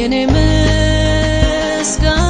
የኔ ምስጋና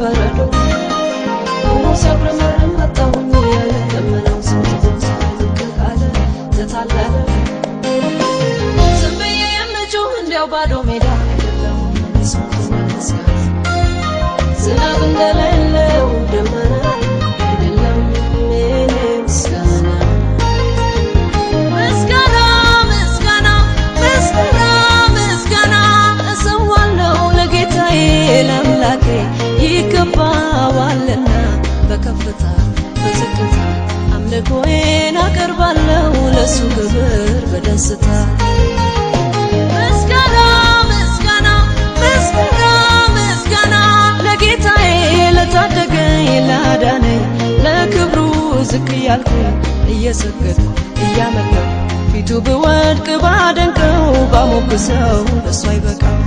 በረዶ ሆኖ መጣሁኝ እያለ ለመናው ዝም ብዬ የምጮህ እንዲያው ባዶ ሜዳ ከፍታ በዝግታ አምልኮዬን አቀርባለሁ ለሱ ክብር በደስታ ምስጋና ምስጋና ምስጋና ምስጋና ለጌታዬ ለታደገኝ ላዳነኝ ለክብሩ ዝቅ እያልኩኝ እየሰገድኩ እያመለኩ ፊቱ ብወድቅ ባደንቀው ባሞግሰው ለእሱ አይበቃም